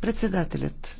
Председателят.